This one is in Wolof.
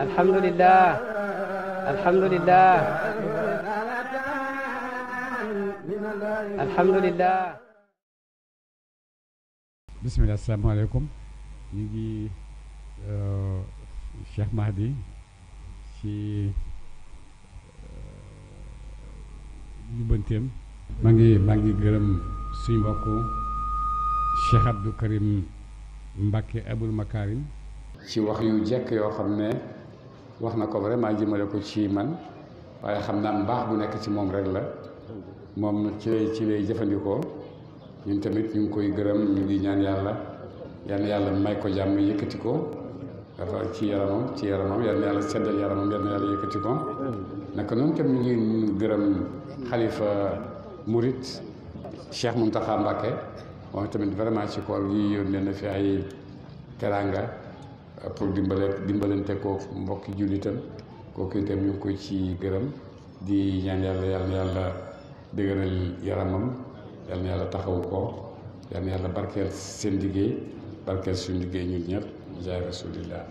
alhamdulilah alhamdulilah alhamdulilah bisimilah asalaamaaleykum ñu ngi euh, Cheikh Mahdi ci euh, jubbanteem maa ngi maa ngi gërëm suñu mbokk Cheikh Abdou Karim Mbacke Abul Makarim ci wax yu jekk yoo xam ne wax na ko vraiment jëmale ko ci man waaye xam naa mbaax bu nekk ci moom rek la moom ci lay ci lay jëfandikoo ñun tamit ñu ngi koy gërëm ñu ngi ñaan yàlla yal na yàlla may ko jàmm yëkkati ko dafa ci yaramam ci yaramam yal na yàlla seddal yaramam yal na yàlla yëkkati ko naka noonu tam ñu gërëm xalifa murit Cheikh Mountakha Mbacké moom tamit vraiment ci koor gi yónnee na fi ay teraanga pour dimbale dimbalante ko mbokki jullitam kooku itam ñu ngi ko ci gërëm di ñaan yàlla yàlla na yaramam yàlla yàlla taxaw ko yàlla na yàlla barkeel seen liggéey barkeel suñu liggéey ñu ñëpp jaay rasulillah